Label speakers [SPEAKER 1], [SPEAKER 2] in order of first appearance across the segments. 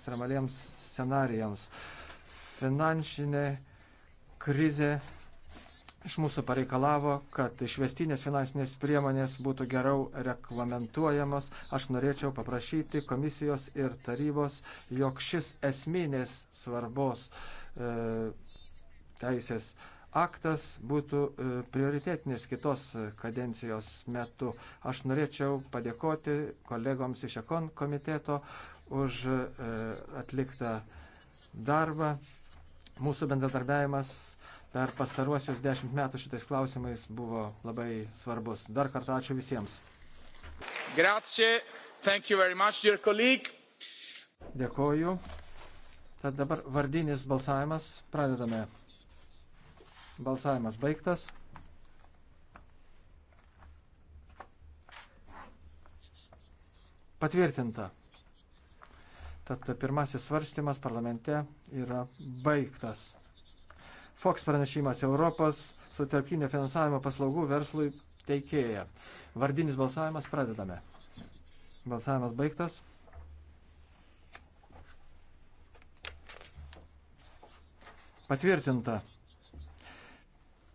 [SPEAKER 1] ekstremaliems scenarijams. Finansinė krizė iš mūsų pareikalavo, kad išvestinės finansinės priemonės būtų geriau reglamentuojamos. Aš norėčiau paprašyti komisijos ir tarybos, jog šis esminės svarbos e, teisės aktas būtų e, prioritetinis kitos kadencijos metu. Aš norėčiau padėkoti kolegoms iš Ekon komiteto už e, atliktą darbą. Mūsų bendradarbiavimas per pastaruosius dešimt metų šitais klausimais buvo labai svarbus. Dar kartą ačiū visiems. Grazie. Thank you very much, dear colleague. Dėkoju. Tad dabar vardinis balsavimas. Pradedame. Balsavimas baigtas. Patvirtinta. Tad pirmasis svarstymas parlamente yra baigtas. Fox pranešimas Europos sutarpinio finansavimo paslaugų verslui teikėja. Vardinis balsavimas pradedame. Balsavimas baigtas. Patvirtinta.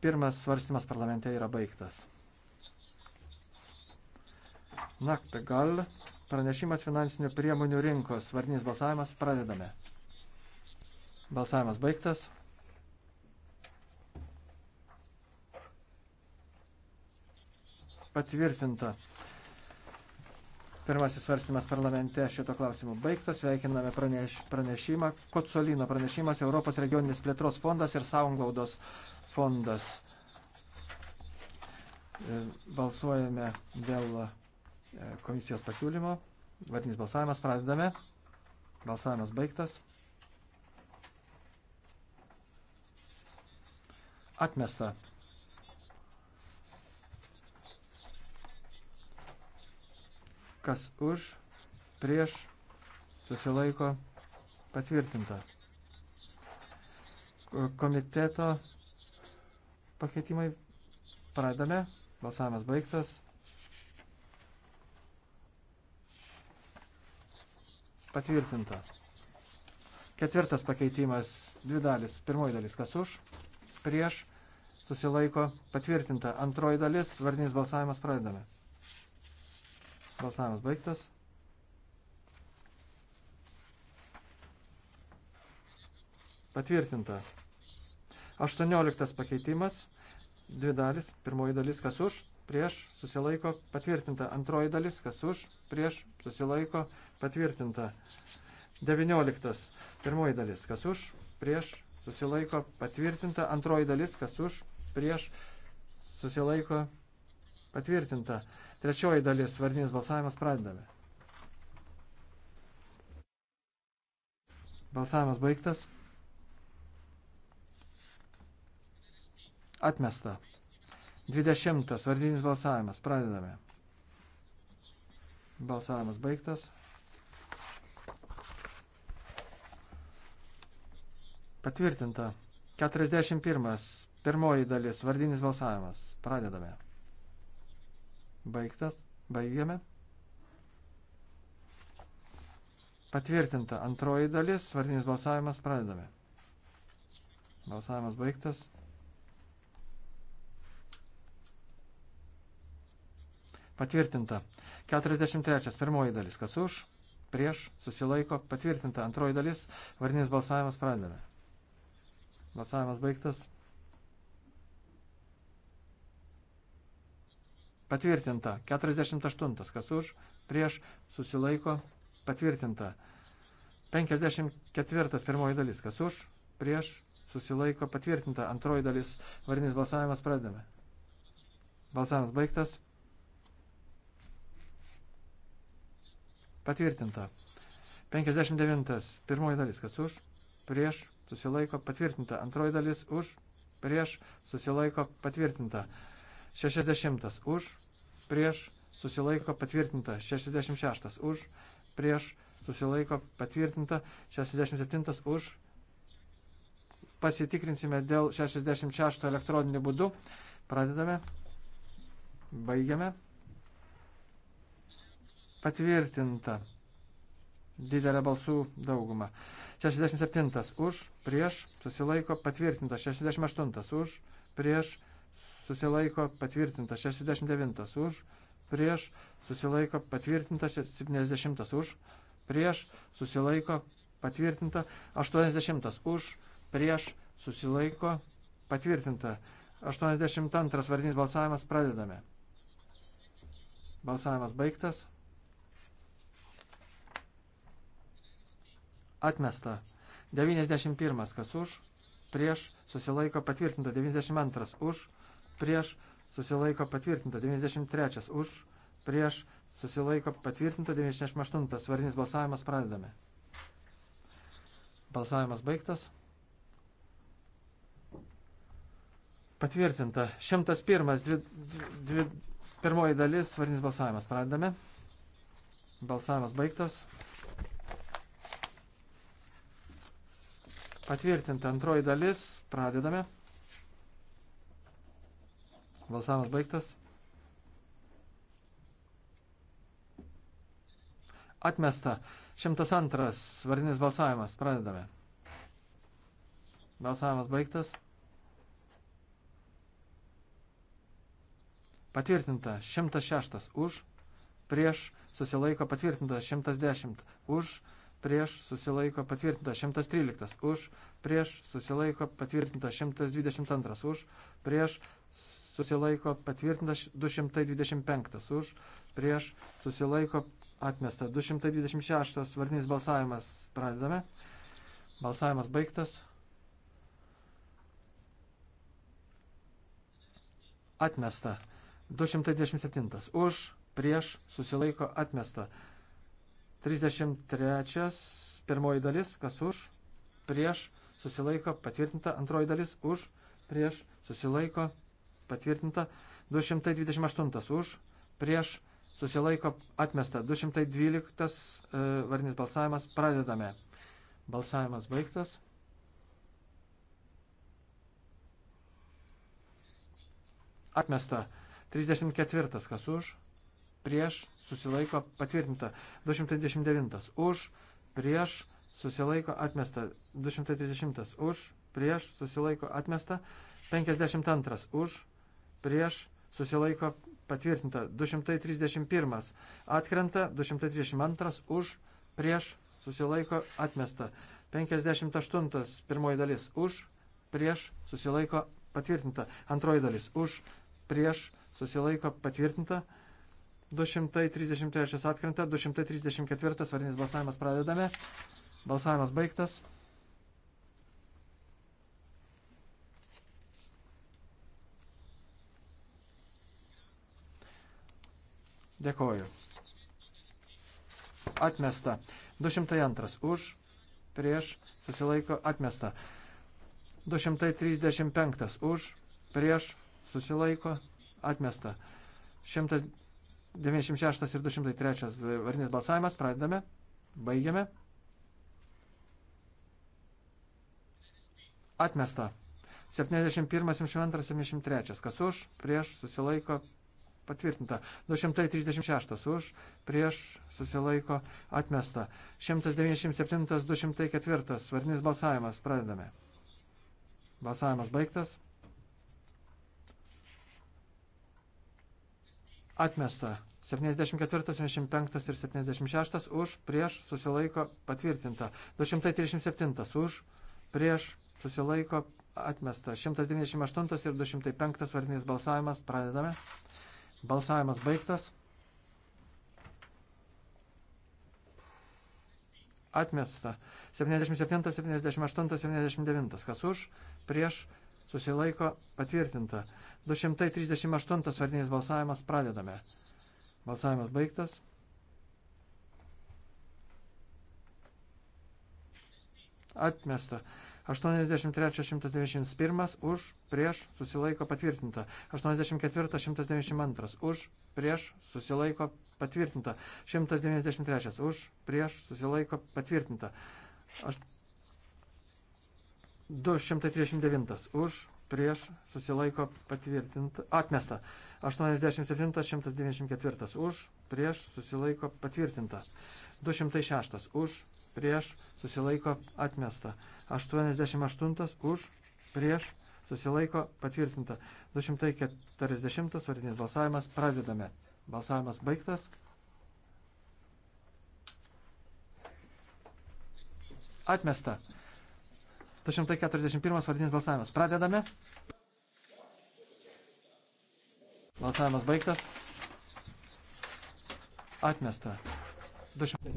[SPEAKER 1] Pirmas svarstymas parlamente yra baigtas. Naktą gal Pranešimas finansinių priemonių rinkos. Vardinis balsavimas. Pradedame. Balsavimas baigtas. Patvirtinta. Pirmasis svarstymas parlamente šito klausimu baigtas. Sveikiname praneš, pranešimą. Kotsolino pranešimas Europos regioninis plėtros fondas ir Saunglaudos fondas. E, balsuojame dėl komisijos pasiūlymo. Vardinis balsavimas pradedame. Balsavimas baigtas. Atmesta. Kas už, prieš, susilaiko, patvirtinta. Komiteto pakeitimai pradame. Balsavimas baigtas. Patvirtinta. Ketvirtas pakeitimas, dvi dalis. Pirmoji dalis, kas už, prieš, susilaiko, patvirtinta. Antroji dalis, vardinis balsavimas, pradedame. Balsavimas baigtas. Patvirtinta. 18 pakeitimas, dvi dalis, pirmoji dalis, kas už, prieš susilaiko patvirtinta. Antroji dalis, kas už, prieš susilaiko patvirtinta. 19. Pirmoji dalis, kas už, prieš susilaiko patvirtinta. Antroji dalis, kas už, prieš susilaiko patvirtinta. Trečioji dalis, vardinis balsavimas, pradedame. Balsavimas baigtas. Atmesta. 20. Vardinis balsavimas. Pradedame. Balsavimas baigtas. Patvirtinta. 41. Pirmoji dalis. Vardinis balsavimas. Pradedame. Baigtas. Baigiame. Patvirtinta. Antroji dalis. Vardinis balsavimas. Pradedame. Balsavimas baigtas. patvirtinta. 43. Pirmoji dalis, kas už, prieš, susilaiko, patvirtinta. Antroji dalis, vardinis balsavimas pradedame. Balsavimas baigtas. Patvirtinta. 48. Kas už, prieš, susilaiko, patvirtinta. 54. Pirmoji dalis. Kas už, prieš, susilaiko, patvirtinta. Antroji dalis, vardinis balsavimas pradedame. Balsavimas baigtas. Patvirtinta. 59. Pirmoji dalis, kas už, prieš, susilaiko, patvirtinta. Antroji dalis, už, prieš, susilaiko, patvirtinta. 60. Už, prieš, susilaiko, patvirtinta. 66. Už, prieš, susilaiko, patvirtinta. 67. Už, pasitikrinsime dėl 66 elektroniniu būdu. Pradedame. Baigiame patvirtinta didelė balsų dauguma. 67 už, prieš, susilaiko, patvirtinta. 68 už, prieš, susilaiko, patvirtinta. 69 už, prieš, susilaiko, patvirtinta. 70 už, prieš, susilaiko, patvirtinta. 80 už, prieš, susilaiko, patvirtinta. 82 vardinis balsavimas pradedame. Balsavimas baigtas. atmesta. 91 kas už, prieš susilaiko patvirtinta. 92 už, prieš susilaiko patvirtinta. 93 už, prieš susilaiko patvirtinta. 98 svarinis balsavimas pradedame. Balsavimas baigtas. Patvirtinta. 101. Dvi, dvi, pirmoji dalis, svarinis balsavimas. Pradedame. Balsavimas baigtas. Patvirtinta antroji dalis. Pradedame. Balsavimas baigtas. Atmesta. 102. Vardinis balsavimas. Pradedame. Balsavimas baigtas. Patvirtinta 106 už, prieš susilaiko patvirtinta 110 už, prieš susilaiko patvirtinta 113, už prieš susilaiko patvirtinta 122, už prieš susilaiko patvirtinta 225, už prieš susilaiko atmesta 226, vardinis balsavimas pradedame, balsavimas baigtas, atmesta 227, už prieš susilaiko atmesta 225. 33. Pirmoji dalis, kas už, prieš, susilaiko, patvirtinta. Antroji dalis, už, prieš, susilaiko, patvirtinta. 228. Už, prieš, susilaiko, atmesta. 212. E, Varnis balsavimas, pradedame. Balsavimas baigtas. Atmesta. 34. Kas už, prieš, susilaiko patvirtinta. 229 už, prieš susilaiko atmesta. 230 už, prieš susilaiko atmesta. 52 už, prieš susilaiko patvirtinta. 231 atkrenta. 232 už, prieš susilaiko atmesta. 58 pirmoji dalis už, prieš susilaiko patvirtinta. Antroji dalis už, prieš susilaiko patvirtinta. 233 atkrenta, 234 vardinis balsavimas pradedame. Balsavimas baigtas. Dėkoju. Atmesta. 202 už, prieš, susilaiko, atmesta. 235 už, prieš, susilaiko, atmesta. 100 96 ir 203 varinis balsavimas. Pradedame. Baigiame. Atmesta. 71, 72, 73. Kas už, prieš, susilaiko, patvirtinta. 236 už, prieš, susilaiko, atmesta. 197, 204. Svarnis balsavimas. Pradedame. Balsavimas baigtas. atmesta. 74, 75 ir 76 už, prieš susilaiko patvirtinta. 237 už, prieš susilaiko atmesta. 198 ir 205 vardinis balsavimas. Pradedame. Balsavimas baigtas. Atmesta. 77, 78, 79. Kas už, prieš susilaiko patvirtinta. 238 vardinis balsavimas pradedame. Balsavimas baigtas. Atmesta. 83-191 už, prieš, susilaiko patvirtinta. 84-192 už, prieš, susilaiko patvirtinta. 193 už, prieš, susilaiko patvirtinta. 8... 239 už, prieš, susilaiko patvirtinta, atmesta. 87, 194 už, prieš, susilaiko patvirtinta. 206 už, prieš, susilaiko atmesta. 88 už, prieš, susilaiko patvirtinta. 240 vardinis balsavimas, pradedame. Balsavimas baigtas. Atmesta. 241 vardinis balsavimas. Pradedame. Balsavimas baigtas. Atmesta.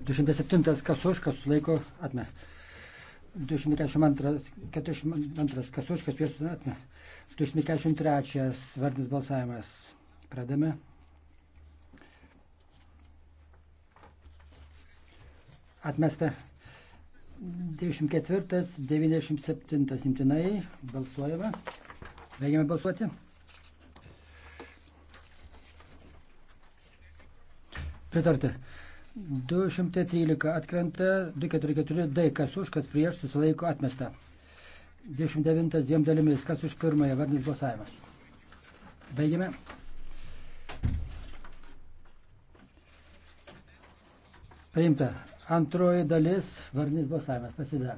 [SPEAKER 1] 207
[SPEAKER 2] kas už, kas sulaiko atmesta. 242 42, kas už, kas prieš atmesta. 243 vardinis balsavimas. Pradedame. Atmesta. 94, 97 imtinai balsuojame. Baigiame balsuoti. Pritarta. 213 atkrenta, 244 D, kas už, kas prieš, susilaiko atmesta. 29 dviem dalimis, kas už pirmąją, vardinis balsavimas. Baigiame. Priimta. Antroji dalis vardinis balsavimas prasideda.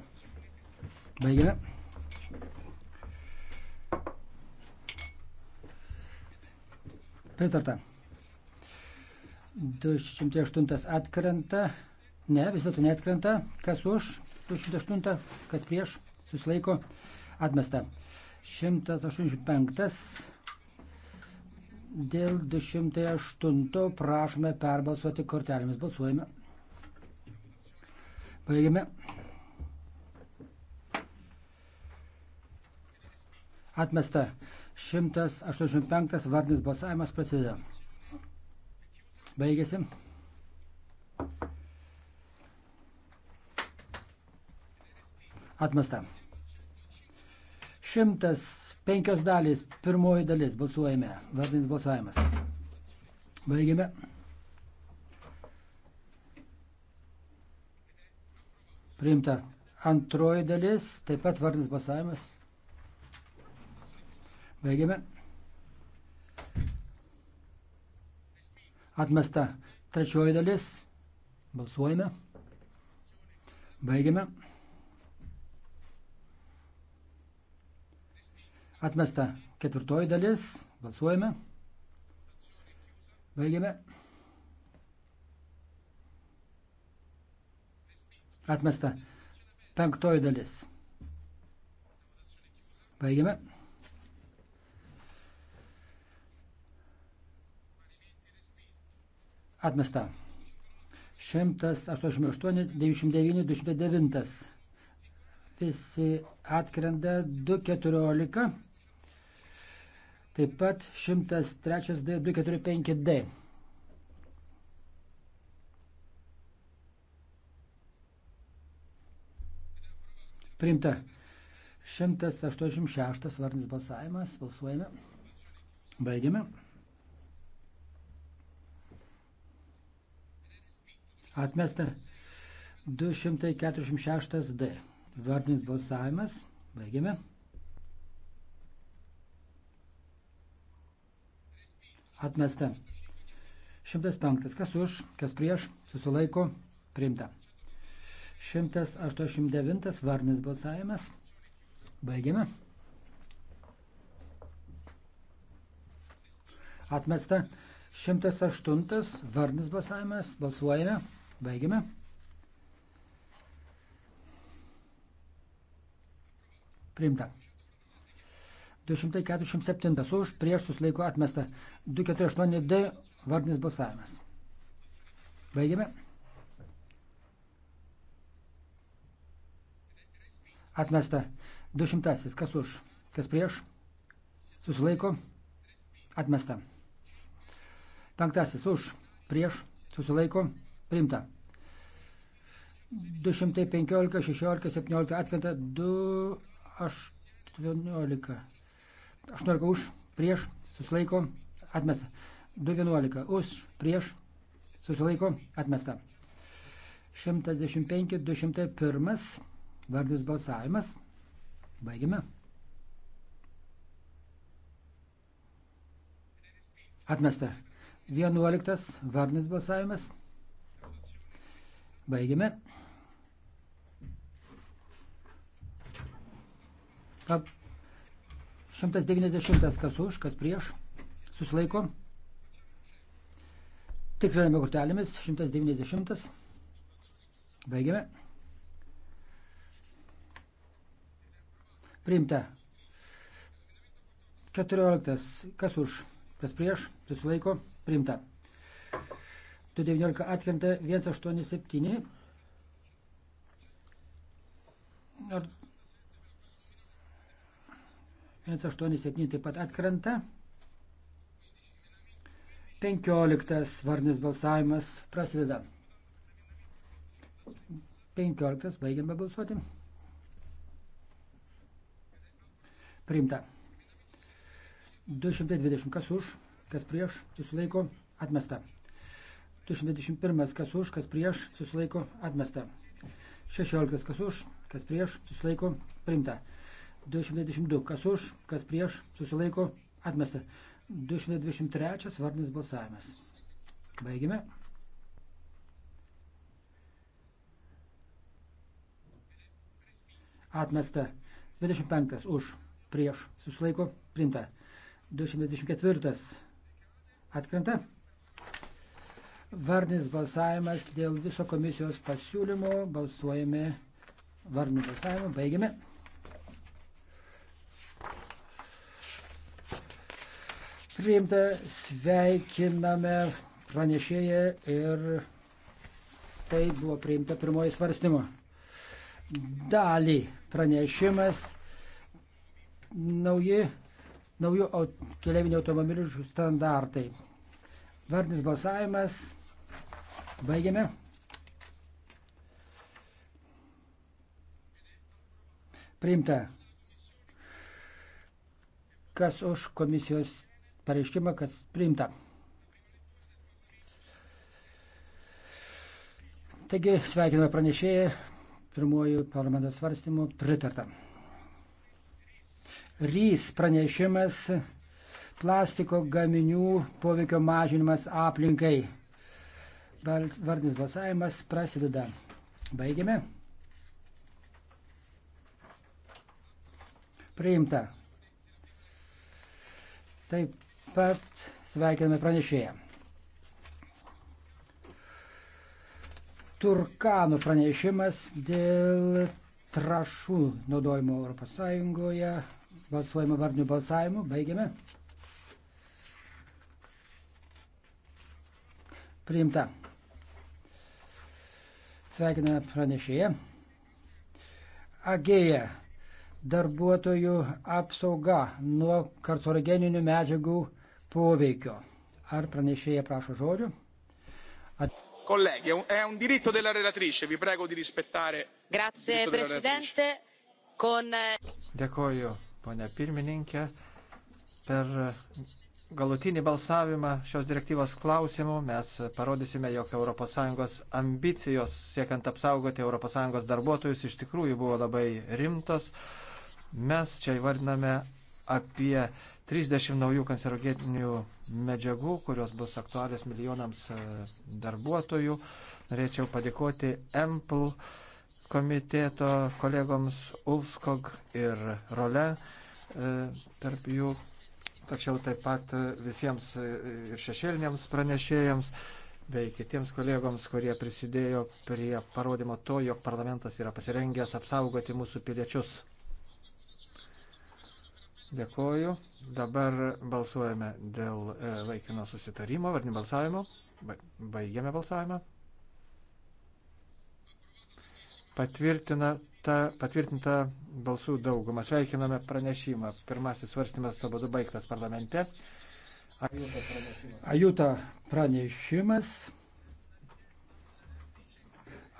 [SPEAKER 2] Baigiame. Pritarta. 208 atkrenta. Ne, vis dėlto neatkrenta. Kas už? 208, kas prieš? Susilaiko. Atmesta. 185. Dėl 208 prašome perbalsuoti kortelėmis. Balsuojame. Baigiame. Atmesta. 185 vardinis balsavimas prasideda. Baigėsi. Atmesta. 105 dalys, pirmoji dalis balsuojame, vardinis balsavimas. Baigėme. Priimta. Antroji dalis, taip pat vardinis balsavimas. Baigiame. Atmesta. Trečioji dalis. Balsuojame. Baigiame. Atmesta. Ketvirtoji dalis. Balsuojame. Baigiame. Atmesta. Penktoji dalis. Baigiame. Atmesta. 188, 99, 209. Visi atkrenda 214. Taip pat 103D, 245D. Priimta. 186 vardinis balsavimas. Balsuojame. Baigiame. Atmesta 246 D. Vardinis balsavimas. Baigiame. Atmesta. 105. Kas už, kas prieš, susilaiko, priimta. 189 varnis balsavimas. Baigiame. Atmesta. 108 varnis balsavimas. Balsuojame. Baigiame. Priimta. 247 už, prieš susilaiko atmesta. 248D vardinis balsavimas. Baigiame. Atmesta. 200. Kas už? Kas prieš? Susilaiko. Atmesta. Penktasis už. Prieš. Susilaiko. Priimta. 215, 16, 17 atkrenta 2, 18. 18 už, prieš, susilaiko, atmesta. 211 už, prieš, susilaiko, atmesta. 115, 201 Vardis balsavimas. Baigiame. Atmesta. 11. Varnis balsavimas. Baigiame. Kap 190 kas už, kas prieš. Susilaiko. Tikriname kortelėmis. 190. Baigiame. Priimta. 14. Kas už? Kas prieš? Susilaiko. Priimta. 219 atkrenta 187. Ar 187 taip pat atkrenta. 15 varnis balsavimas prasideda. 15 baigiame balsuoti. priimta. 220 kas už, kas prieš, susilaiko, atmesta. 221 kas už, kas prieš, susilaiko, atmesta. 16 kas už, kas prieš, susilaiko, priimta. 222 kas už, kas prieš, susilaiko, atmesta. 223 vardinis balsavimas. Baigime. Atmesta. 25 už prieš susilaiko priimta. 224 atkrenta. Vardinis balsavimas dėl viso komisijos pasiūlymo. Balsuojame vardinį balsavimą. Baigiame. Priimta sveikiname pranešėją ir tai buvo priimta pirmoji svarstymo. Dalį pranešimas nauji, naujų keliaivinių automobilių standartai. Vardinis balsavimas. Baigiame. Priimta. Kas už komisijos pareiškimą, kas priimta. Taigi sveikiname pranešėją, pirmojų parlamento svarstymų pritarta. Rys pranešimas plastiko gaminių poveikio mažinimas aplinkai. Vardinis balsavimas prasideda. Baigiame. Priimta. Taip pat sveikiname pranešėją. Turkanų pranešimas dėl trašų naudojimo ES Balsuojame vardiniu balsavimu. Baigiame. Priimta. Sveikiname pranešėją. Agėja. Darbuotojų apsauga nuo karcinogeninių medžiagų poveikio. Ar pranešėja prašo žodžių?
[SPEAKER 1] At... Colleghi, è un, è un diritto della relatrice, vi prego di rispettare.
[SPEAKER 3] Grazie Presidente. Con... Eh,
[SPEAKER 1] Dėkoju ponia pirmininkė. Per galutinį balsavimą šios direktyvos klausimų mes parodysime, jog ES ambicijos siekiant apsaugoti ES darbuotojus iš tikrųjų buvo labai rimtos. Mes čia įvardiname apie 30 naujų kancerogeninių medžiagų, kurios bus aktualios milijonams e, darbuotojų. Norėčiau padėkoti Empl komiteto kolegoms Ulskog ir Role e, tarp jų, tačiau taip pat e, visiems e, ir šešėliniams pranešėjams bei kitiems kolegoms, kurie prisidėjo prie parodymo to, jog parlamentas yra pasirengęs apsaugoti mūsų piliečius. Dėkoju. Dabar balsuojame dėl laikino susitarimo, vardinio balsavimo. Baigėme balsavimą patvirtina ta, patvirtinta balsų daugumą. Sveikiname pranešimą. Pirmasis svarstymas to būdu baigtas parlamente. Ajuta pranešimas. Ajuta pranešimas.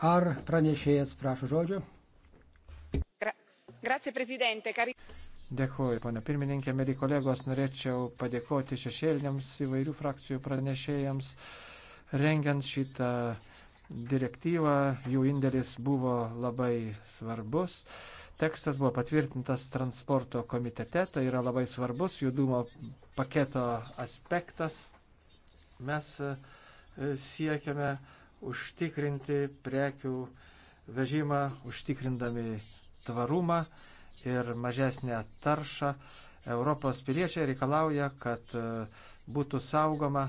[SPEAKER 1] Ar pranešėjas prašo žodžio?
[SPEAKER 3] Gra Grazie, prezidente. Cari...
[SPEAKER 1] Dėkuoju, ponia pirmininkė, mėly kolegos, norėčiau padėkoti šešėliniams įvairių frakcijų pranešėjams, rengiant šitą uh, direktyvą, jų indėlis buvo labai svarbus. Tekstas buvo patvirtintas transporto komitete, tai yra labai svarbus judumo paketo aspektas. Mes e, siekiame užtikrinti prekių vežimą, užtikrindami tvarumą ir mažesnę taršą. Europos piliečiai reikalauja, kad e, būtų saugoma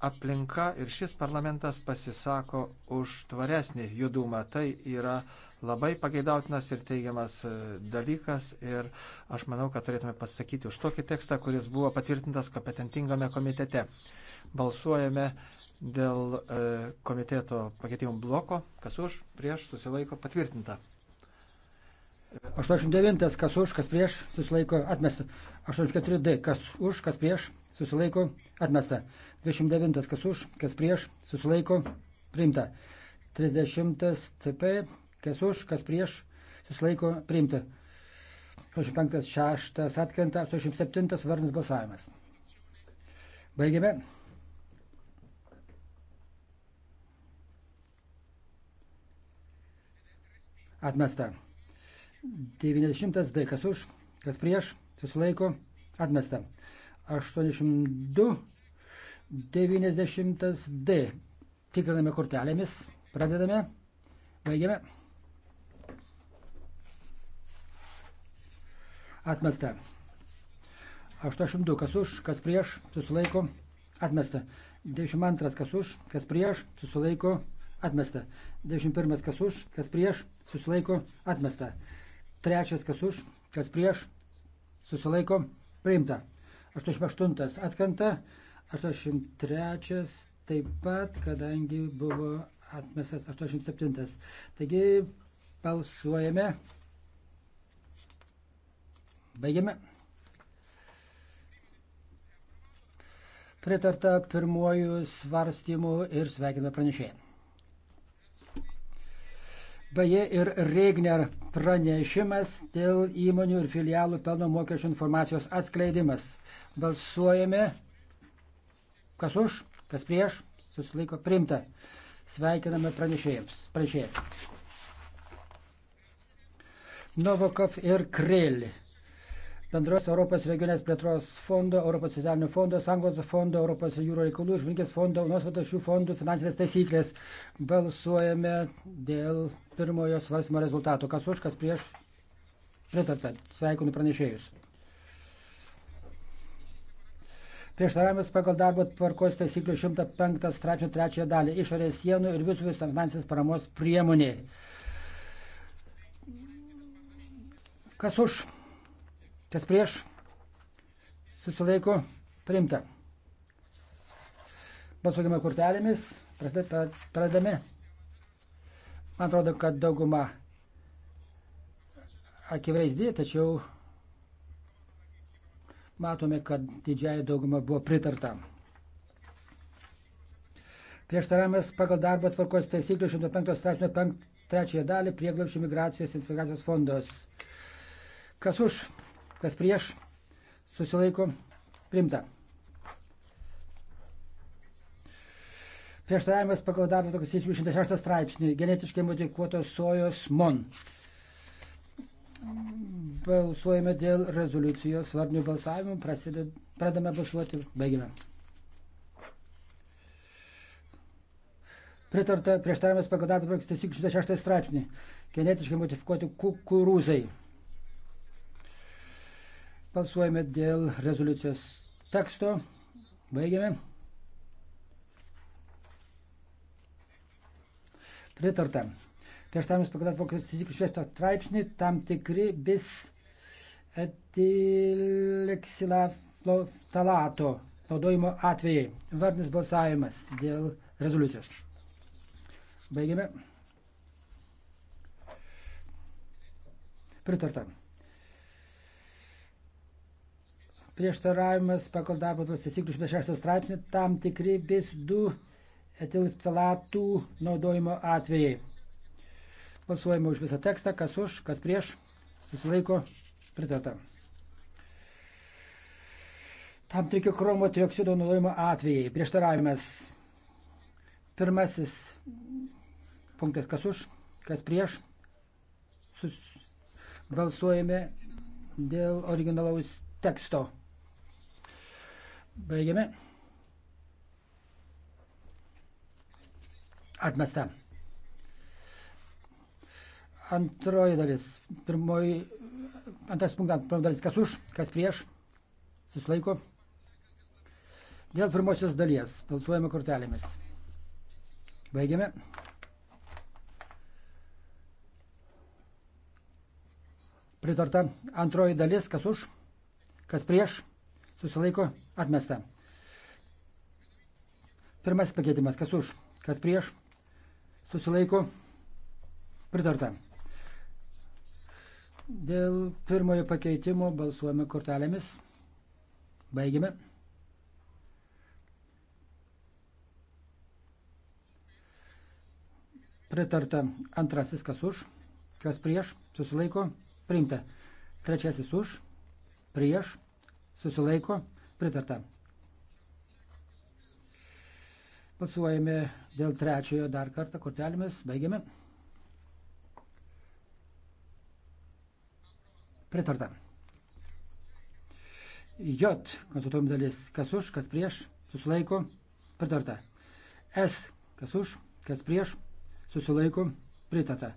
[SPEAKER 1] aplinka ir šis parlamentas pasisako už tvaresnį judumą. Tai yra labai pageidautinas ir teigiamas e, dalykas ir aš manau, kad turėtume pasakyti už tokį tekstą, kuris buvo patvirtintas kompetentingame komitete. Balsuojame dėl e, komiteto pakeitimų bloko, kas už, prieš, susilaiko patvirtinta.
[SPEAKER 2] 89, kas už, kas prieš, susilaiko atmesta. 84D, kas už, kas prieš, susilaiko atmesta. 29 kas už, kas prieš, susilaiko, priimta. 30 CP, kas už, kas prieš, susilaiko, priimta. 85, 6 atkrenta, 87 varnas balsavimas. Baigiame. Atmesta. 90 D, kas už, kas prieš, susilaiko, atmesta. 82 90D. Tikriname kortelėmis. Pradedame. Baigiame. Atmesta. 82 kas už, kas prieš, susilaiko. Atmesta. 92 kas už, kas prieš, susilaiko. Atmesta. 91 kas už, kas prieš, susilaiko. Atmesta. Trečias kas už, kas prieš, susilaiko. Priimta. 88 atkrenta. 83 taip pat, kadangi buvo atmestas 87. Taigi balsuojame. Baigiame. Pritarta pirmojų svarstymų ir sveikiname pranešėją. Beje, ir Regner pranešimas dėl įmonių ir filialų pelno mokesčio informacijos atskleidimas. Balsuojame Kas už, kas prieš, susilaiko priimta. Sveikiname pranešėjas. Novokov ir Krell. Bendros Europos regionės plėtros fondo, Europos socialinio fondo, Sanglos fondo, Europos jūro reikalų, žvinkės fondo, nuostatos šių fondų finansinės taisyklės. Balsuojame dėl pirmojo svarstymo rezultato. Kas už, kas prieš, pritarta. Sveikinu pranešėjus. Prieštaravimas pagal darbo tvarkos taisyklių 105 straipsnio 3 dalį išorės sienų ir visų finansinės paramos priemonė. Kas už? Kas prieš? Susilaiko priimta. Balsuokime kortelėmis, pradedame. Man atrodo, kad dauguma akivaizdi, tačiau matome, kad didžiai dauguma buvo pritarta. Prieštaravimas pagal darbo tvarkos taisyklių 105 straipsnio 3 dalį prieglapšių migracijos integracijos fondos. Kas už, kas prieš, susilaiko, primta. Prieštaravimas pagal darbo tvarkos taisyklių 106 straipsnį genetiškai modifikuotos sojos MON. Balsuojame dėl rezoliucijos vardinių balsavimų. Prasided, pradame balsuoti. Baigime. Pritarta prieštaravimas pagal darbo tvarkos taisyklių 66 straipsnį. Genetiškai modifikuoti kukurūzai. Balsuojame dėl rezoliucijos teksto. Baigiame. Pritarta prieštaravimas pagal Vokietijos fizikų šviesto straipsnį tam tikri bis etileksilafloftalato naudojimo atvejai. Vardinis balsavimas dėl rezoliucijos. Baigėme. Pritarta. Prieštaravimas pagal darbo taisyklių 66 straipsnį tam tikri bis du etilftalatų naudojimo atvejai. Pasuojame už visą tekstą, kas už, kas prieš, susilaiko, pritarta. Tam tikri kromo trioksido naudojimo atvejai. Prieštaravimas. Pirmasis punktas, kas už, kas prieš. Sus... Balsuojame dėl originalaus teksto. Baigiame. Atmesta. Antroji dalis. Pirmoji, antras punktas, pirmoji dalis. Kas už, kas prieš? Susilaiko. Dėl pirmosios dalies balsuojame kortelėmis. Baigiame. Pritarta antroji dalis, kas už, kas prieš, susilaiko, atmesta. Pirmasis pakeitimas, kas už, kas prieš, susilaiko, pritarta. Dėl pirmojo pakeitimo balsuojame kortelėmis. Baigiame. Pritarta antrasis, kas už, kas prieš, susilaiko, priimta. Trečiasis už, prieš, susilaiko, pritarta. Pasuojame dėl trečiojo dar kartą kortelėmis, baigiame. Pritarta. J. Konsultuojam dalis. Kas už, kas prieš, susilaiko. Pritarta. S. Kas už, kas prieš, susilaiko. Pritarta.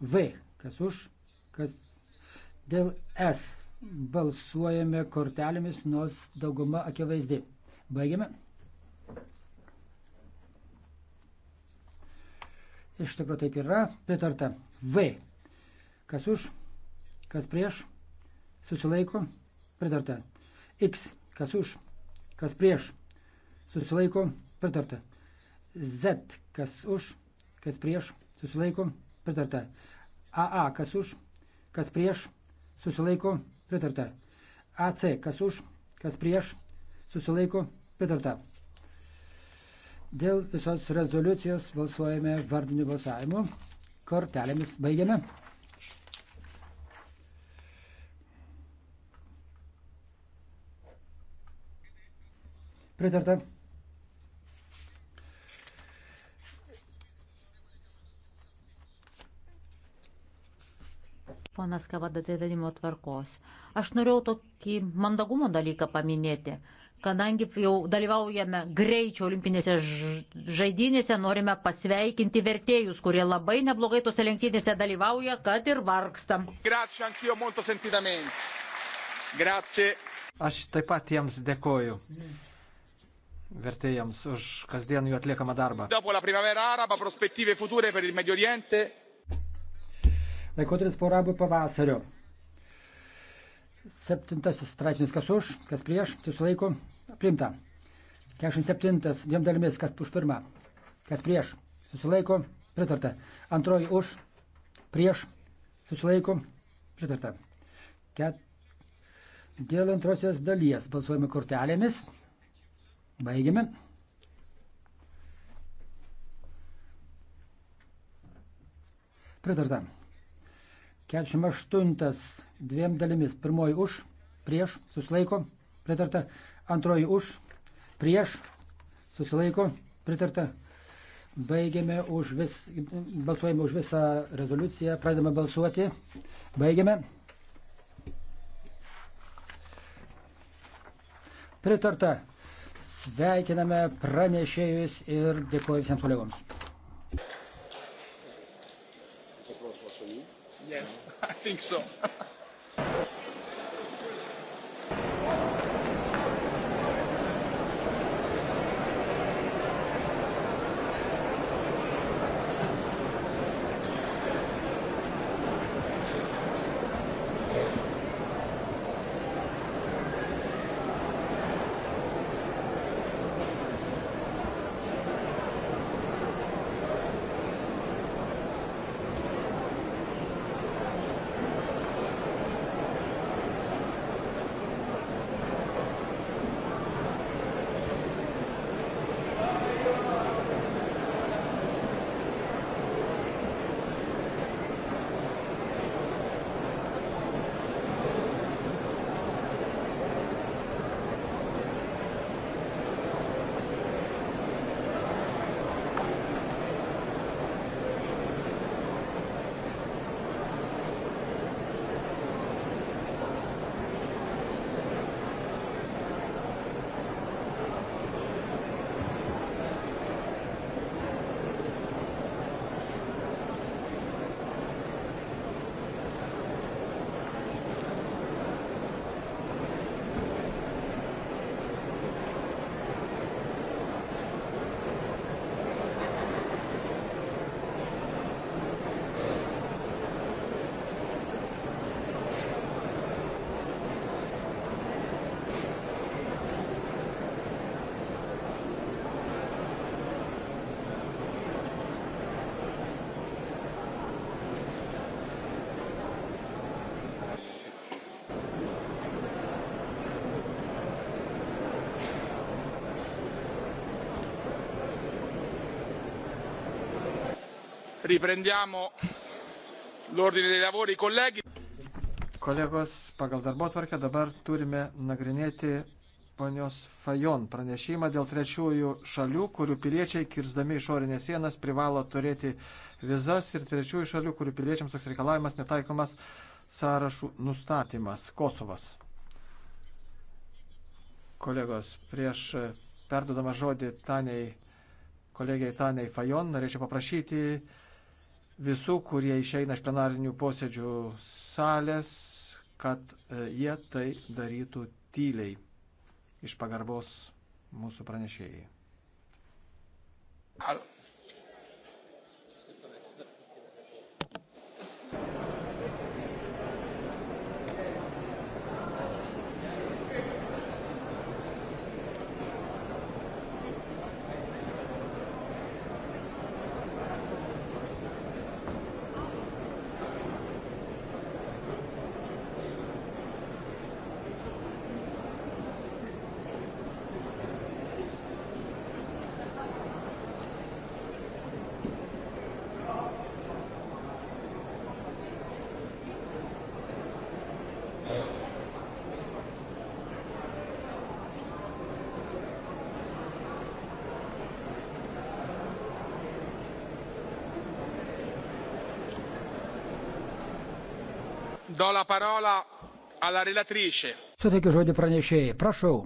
[SPEAKER 2] V. Kas už, kas dėl S. Balsuojame kortelėmis, nors dauguma akivaizdi. Baigiame. Iš tikrųjų taip yra. Pritarta. V. Kas už, kas prieš, susilaiko, pritarta. X, kas už, kas prieš, susilaiko, pritarta. Z, kas už, kas prieš, susilaiko, pritarta. AA, kas už, kas prieš, susilaiko, pritarta. AC, kas už, kas prieš, susilaiko, pritarta. Dėl visos rezoliucijos balsuojame vardiniu balsavimu. Kortelėmis baigiame. Pritarta.
[SPEAKER 3] Ponas Kavada, dėl vedimo tvarkos. Aš norėjau tokį mandagumo dalyką paminėti. Kadangi jau dalyvaujame greičio olimpinėse žaidynėse, norime pasveikinti vertėjus, kurie labai neblogai tose lenktynėse dalyvauja, kad ir vargstam. Aš
[SPEAKER 1] taip pat jiems dėkoju vertėjams už kasdien jų atliekamą darbą. Laikotarpis po arabų
[SPEAKER 2] pavasario. Septintasis straipsnis, kas už, kas prieš, tai susilaiko, priimta. 47, dviem dalimis, kas už pirmą, kas prieš, susilaiko, pritarta. Antroji už, prieš, susilaiko, pritarta. Ket... Dėl antrosios dalies balsuojame kortelėmis. Baigiame. Pritarta. 48 dviem dalimis. Pirmoji už, prieš, susilaiko, pritarta. Antroji už, prieš, susilaiko, pritarta. Baigiame už vis, balsuojame už visą rezoliuciją, pradedame balsuoti, baigiame. Pritarta Sveikiname pranešėjus ir dėkuoju visiems kolegoms.
[SPEAKER 1] Yes, I think so. Riprendiamo l'ordine dei lavori, colleghi. Kolegos, pagal darbo tvarkę dabar turime nagrinėti ponios Fajon pranešimą dėl trečiųjų šalių, kurių piliečiai kirzdami išorinės sienas privalo turėti vizas ir trečiųjų šalių, kurių piliečiams toks reikalavimas netaikomas sąrašų nustatymas. Kosovas. Kolegos, prieš perdodama žodį Taniai, kolegiai Taniai Fajon, norėčiau paprašyti visų, kurie išeina iš plenarinių posėdžių salės, kad e, jie tai darytų tyliai iš pagarbos mūsų pranešėjai. Al do la parola alla relatrice.
[SPEAKER 2] Suteikiu žodį pranešėjai. Prašau.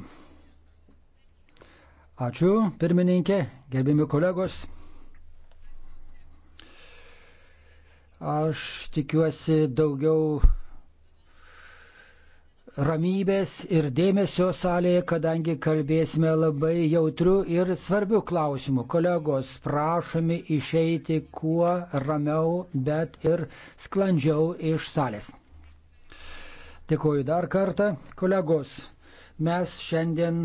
[SPEAKER 2] Ačiū, pirmininkė, gerbimi kolegos. Aš tikiuosi daugiau ramybės ir dėmesio salėje, kadangi kalbėsime labai jautrių ir svarbių klausimų. Kolegos, prašomi išeiti kuo ramiau, bet ir sklandžiau iš salės. Dėkuoju dar kartą. Kolegos, mes šiandien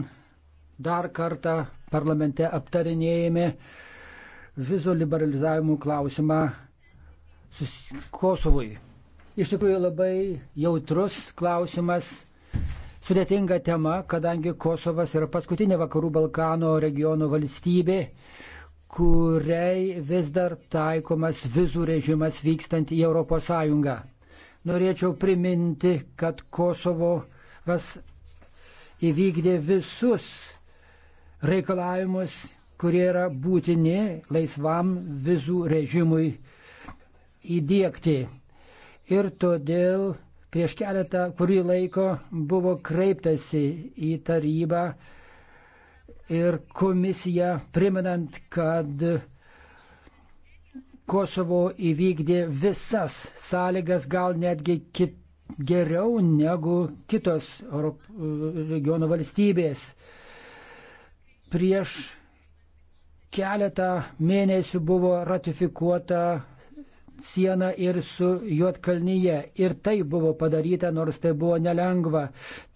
[SPEAKER 2] dar kartą parlamente aptarinėjame vizų liberalizavimų klausimą Kosovui. Iš tikrųjų labai jautrus klausimas, sudėtinga tema, kadangi Kosovas yra paskutinė vakarų Balkano regiono valstybė, kuriai vis dar taikomas vizų režimas vykstant į ES. Norėčiau priminti, kad Kosovo vas įvykdė visus reikalavimus, kurie yra būtini laisvam vizų režimui įdėkti. Ir todėl prieš keletą kurį laiko buvo kreiptasi į tarybą ir komisiją, priminant, kad Kosovo įvykdė visas sąlygas, gal netgi kit, geriau negu kitos Europ, regiono valstybės. Prieš keletą mėnesių buvo ratifikuota sieną ir su Juotkalnyje. Ir tai buvo padaryta, nors tai buvo nelengva.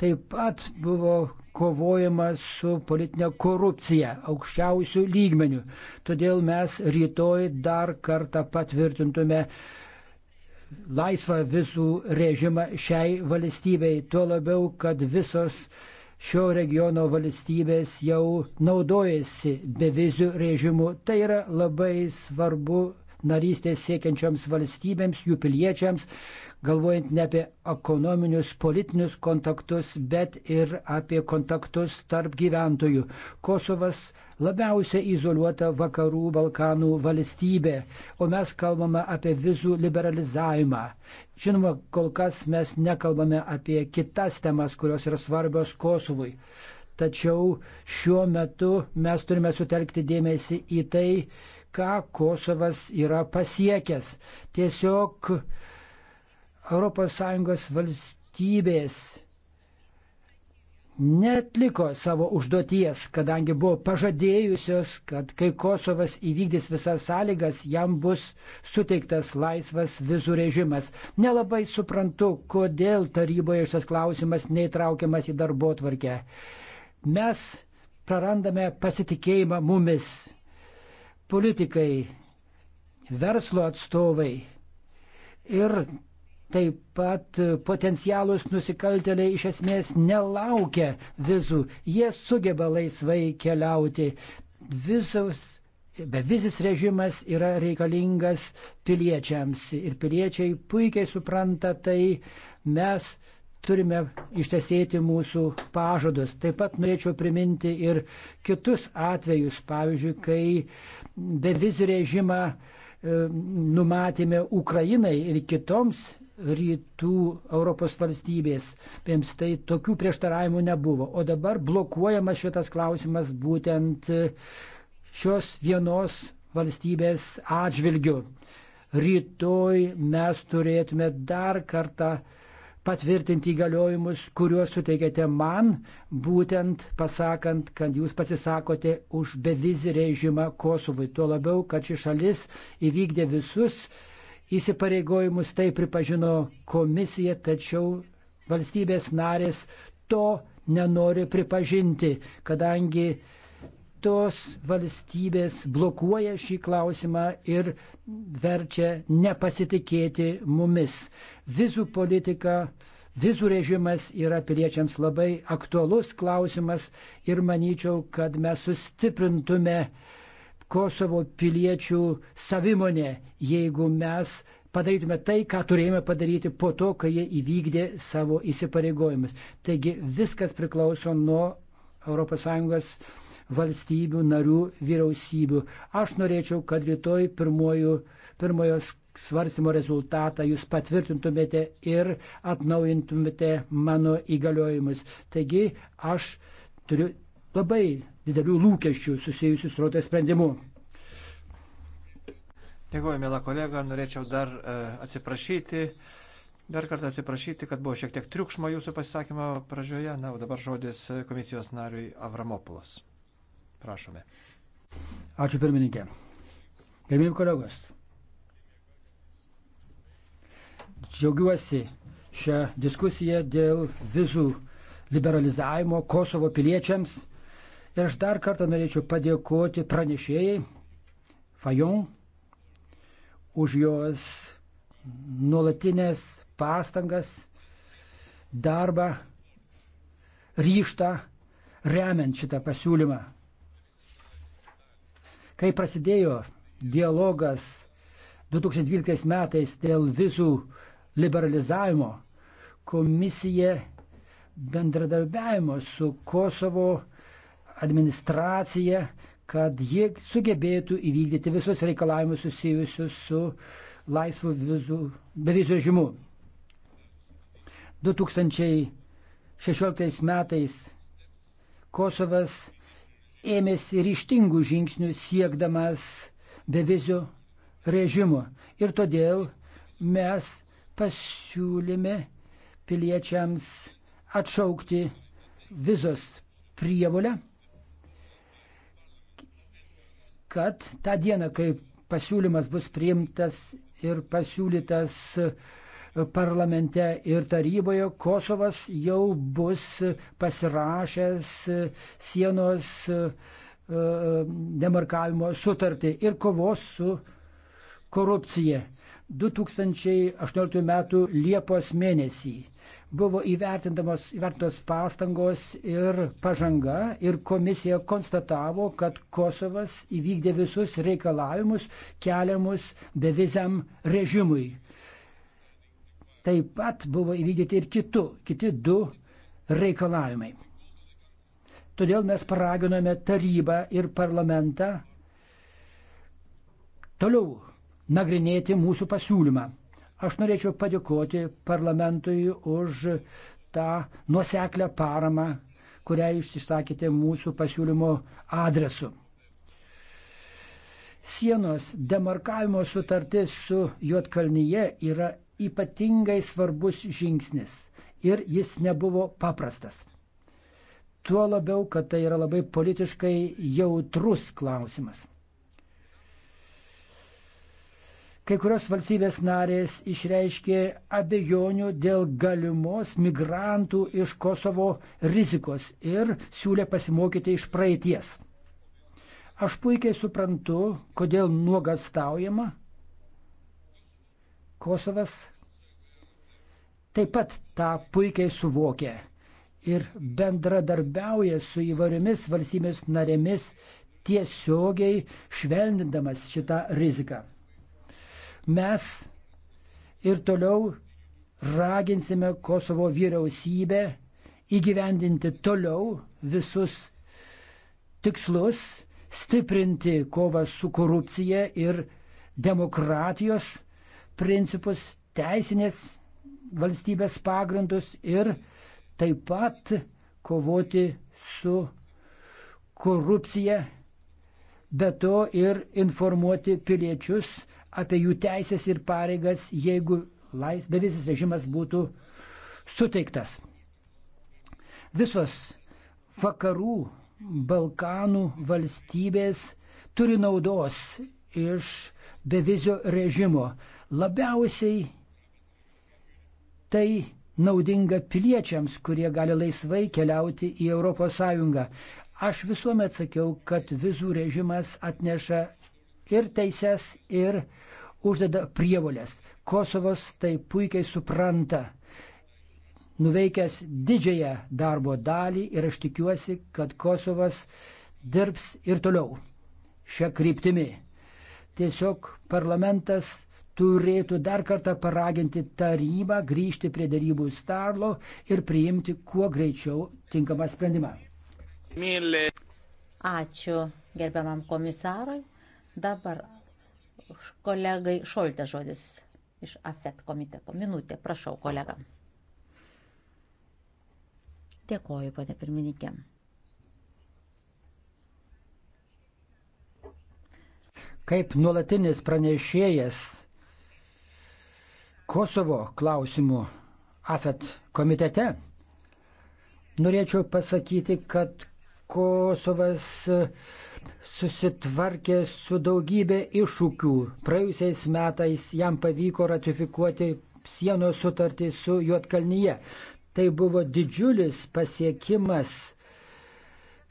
[SPEAKER 2] Taip pat buvo kovojama su politinė korupcija aukščiausių lygmenių. Todėl mes rytoj dar kartą patvirtintume laisvą visų režimą šiai valstybei. Tuo labiau, kad visos šio regiono valstybės jau naudojasi bevizių režimu. Tai yra labai svarbu narystės siekiančioms valstybėms, jų piliečiams, galvojant ne apie ekonominius, politinius kontaktus, bet ir apie kontaktus tarp gyventojų. Kosovas labiausiai izoliuota vakarų Balkanų valstybė, o mes kalbame apie vizų liberalizavimą. Žinoma, kol kas mes nekalbame apie kitas temas, kurios yra svarbios Kosovui. Tačiau šiuo metu mes turime sutelkti dėmesį į tai, ką Kosovas yra pasiekęs. Tiesiog ES valstybės netliko savo užduoties, kadangi buvo pažadėjusios, kad kai Kosovas įvykdys visas sąlygas, jam bus suteiktas laisvas vizų režimas. Nelabai suprantu, kodėl taryboje šitas klausimas neįtraukiamas į darbo tvarkę. Mes prarandame pasitikėjimą mumis. Politikai, verslo atstovai ir Taip pat potencialus nusikaltėliai iš esmės nelaukia vizų, jie sugeba laisvai keliauti. Visos, be vizis režimas yra reikalingas piliečiams ir piliečiai puikiai supranta tai, mes turime ištesėti mūsų pažadus. Taip pat norėčiau priminti ir kitus atvejus, pavyzdžiui, kai bevizį režimą e, numatėme Ukrainai ir kitoms rytų Europos valstybės. Piems tai tokių prieštaravimų nebuvo. O dabar blokuojamas šitas klausimas būtent šios vienos valstybės atžvilgiu. Rytoj mes turėtume dar kartą patvirtinti įgaliojimus, kuriuos suteikėte man, būtent pasakant, kad jūs pasisakote už bevizį režimą Kosovui. Tuo labiau, kad ši šalis įvykdė visus įsipareigojimus, tai pripažino komisija, tačiau valstybės narės to nenori pripažinti, kadangi tos valstybės blokuoja šį klausimą ir verčia nepasitikėti mumis. Vizų politika, vizų režimas yra piliečiams labai aktualus klausimas ir manyčiau, kad mes sustiprintume uh, Kosovo piliečių savimonė, jeigu mes padarytume tai, ką turėjome padaryti po to, kai jie įvykdė savo įsipareigojimus. Taigi viskas priklauso nuo ES valstybių narių vyriausybių. Aš norėčiau, kad rytoj pirmojų, pirmojo svarstymo rezultatą jūs patvirtintumėte ir atnaujintumėte mano įgaliojimus. Taigi aš turiu labai didelių lūkesčių susijusių su rotės sprendimu.
[SPEAKER 1] Dėkuoju, mėla kolega, norėčiau dar e, atsiprašyti, dar kartą atsiprašyti, kad buvo šiek tiek triukšmo jūsų pasisakymo pradžioje. Na, o dabar žodis komisijos nariui Avramopulas. Prašome.
[SPEAKER 2] Ačiū pirmininkė. Gerbėjim kolegos. Džiaugiuosi šią diskusiją dėl vizų liberalizavimo Kosovo piliečiams Ir aš dar kartą norėčiau padėkoti pranešėjai Fajon už jos nuolatinės pastangas, darbą, ryštą remiant šitą pasiūlymą. Kai prasidėjo dialogas 2012 metais dėl vizų liberalizavimo, komisija bendradarbiavimo su Kosovo administraciją, kad jie sugebėtų įvykdyti visus reikalavimus susijusius su laisvu vizų, bevizų režimu. 2016 metais Kosovas ėmėsi ryštingų žingsnių siekdamas bevizio režimo. Ir todėl mes pasiūlėme piliečiams atšaukti vizos prievolę kad tą dieną, kai pasiūlymas bus priimtas ir pasiūlytas e, parlamente ir taryboje, Kosovas jau bus pasirašęs sienos e, e, demarkavimo sutartį ir kovos su korupcija. 2018 m. Liepos mėnesį Buvo įvertintos pastangos ir pažanga ir komisija konstatavo, kad Kosovas įvykdė visus reikalavimus keliamus beviziam režimui. Taip pat buvo įvykdyti ir kitų, kiti du reikalavimai. Todėl mes paraginome tarybą ir parlamentą toliau nagrinėti mūsų pasiūlymą. Aš norėčiau padėkoti parlamentui už tą nuoseklę paramą, kurią jūs išsakėte mūsų pasiūlymo adresu. Sienos demarkavimo sutartis su Juotkalnyje yra ypatingai svarbus žingsnis ir jis nebuvo paprastas. Tuo labiau, kad tai yra labai politiškai jautrus klausimas. Kai kurios valstybės narės išreiškė abejonių dėl galimos migrantų iš Kosovo rizikos ir siūlė pasimokyti iš praeities. Aš puikiai suprantu, kodėl nuogastaujama. Kosovas taip pat tą puikiai suvokė ir bendradarbiauja su įvairiomis valstybės narėmis tiesiogiai švelnindamas šitą riziką. Mes ir toliau raginsime Kosovo vyriausybę įgyvendinti toliau visus tikslus, stiprinti kovą su korupcija ir demokratijos principus, teisinės valstybės pagrindus ir taip pat kovoti su korupcija, be to ir informuoti piliečius apie jų teisės ir pareigas, jeigu bevisis režimas būtų suteiktas. Visos vakarų Balkanų valstybės turi naudos iš bevizio režimo. Labiausiai tai naudinga piliečiams, kurie gali laisvai keliauti į ES. Aš visuomet sakiau, kad vizų režimas atneša ir teises, ir uždeda prievolės. Kosovas tai puikiai supranta, nuveikęs didžiąją darbo dalį ir aš tikiuosi, kad Kosovas dirbs ir toliau šią kryptimį. Tiesiog parlamentas turėtų dar kartą paraginti tarybą grįžti prie darybų starlo ir priimti kuo greičiau tinkamą sprendimą.
[SPEAKER 3] Mylė. Ačiū gerbiamam komisarui. Dabar kolegai Šoltė žodis iš AFET komiteto. Minutė, prašau, kolega. Dėkoju, ponė pirmininkė.
[SPEAKER 2] Kaip nuolatinis pranešėjas Kosovo klausimų AFET komitete, norėčiau pasakyti, kad Kosovas uh, susitvarkė su daugybė iššūkių. Praėjusiais metais jam pavyko ratifikuoti sienos sutartį su Juotkalnyje. Tai buvo didžiulis pasiekimas,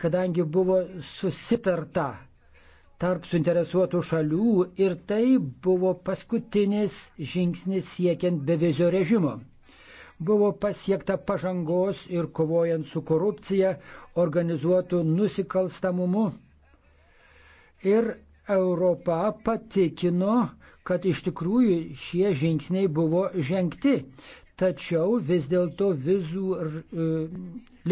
[SPEAKER 2] kadangi buvo susitarta tarp suinteresuotų šalių ir tai buvo paskutinis žingsnis siekiant bevizio režimo. Buvo pasiekta pažangos ir kovojant su korupcija, organizuotų nusikalstamumu Ir Europa patikino, kad iš tikrųjų šie žingsniai buvo žengti. Tačiau vis dėlto vizų e,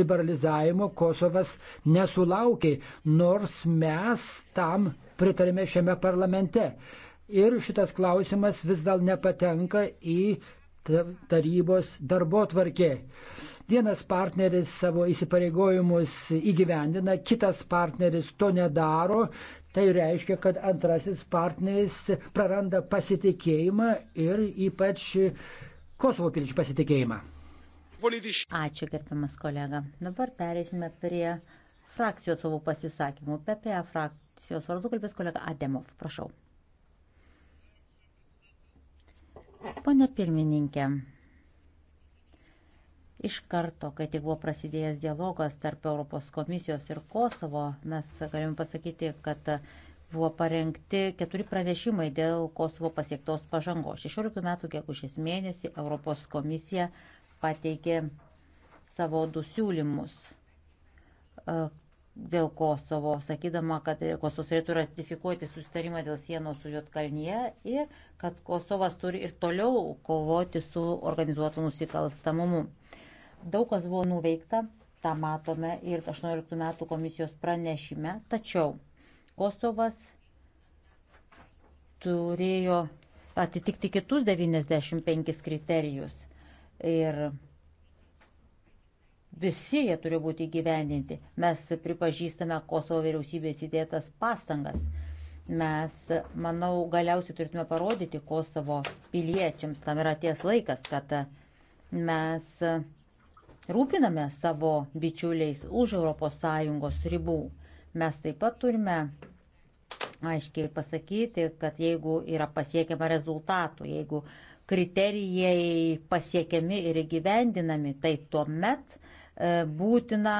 [SPEAKER 2] liberalizavimo Kosovas nesulaukė, nors mes tam pritarėme šiame parlamente. Ir šitas klausimas vis dar nepatenka į tarybos darbo tvarkė. Vienas partneris savo įsipareigojimus įgyvendina, kitas partneris to nedaro, Tai reiškia, kad antrasis partneris praranda pasitikėjimą ir ypač Kosovo piliečių pasitikėjimą.
[SPEAKER 3] Ačiū, gerbiamas kolega. Dabar pereisime prie frakcijos savo pasisakymų. PPA frakcijos vardu kalbės kolega Ademov. Prašau. Pone pirmininkė, Iš karto, kai tik buvo prasidėjęs dialogas tarp Europos komisijos ir Kosovo, mes galime pasakyti, kad buvo parengti keturi pranešimai dėl Kosovo pasiektos pažangos. 16 metų gegužės mėnesį Europos komisija pateikė savo du siūlymus e, dėl Kosovo, sakydama, kad Kosovas turėtų ratifikuoti sustarimą dėl sienos su Jotkalnyje ir kad Kosovas turi ir toliau kovoti su organizuotu nusikalstamumu. Daug kas buvo nuveikta, tą matome ir 18 metų komisijos pranešime, tačiau Kosovas turėjo atitikti kitus 95 kriterijus ir visi jie turi būti įgyvendinti. Mes pripažįstame Kosovo vyriausybės įdėtas pastangas mes, manau, galiausiai turėtume parodyti Kosovo piliečiams, tam yra ties laikas, kad mes rūpiname savo bičiuliais už ES ribų. Mes taip pat turime aiškiai pasakyti, kad jeigu yra pasiekiama rezultatų, jeigu kriterijai pasiekiami ir įgyvendinami, tai tuomet e, būtina